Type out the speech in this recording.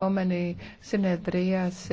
επόμενη συνεδρίαση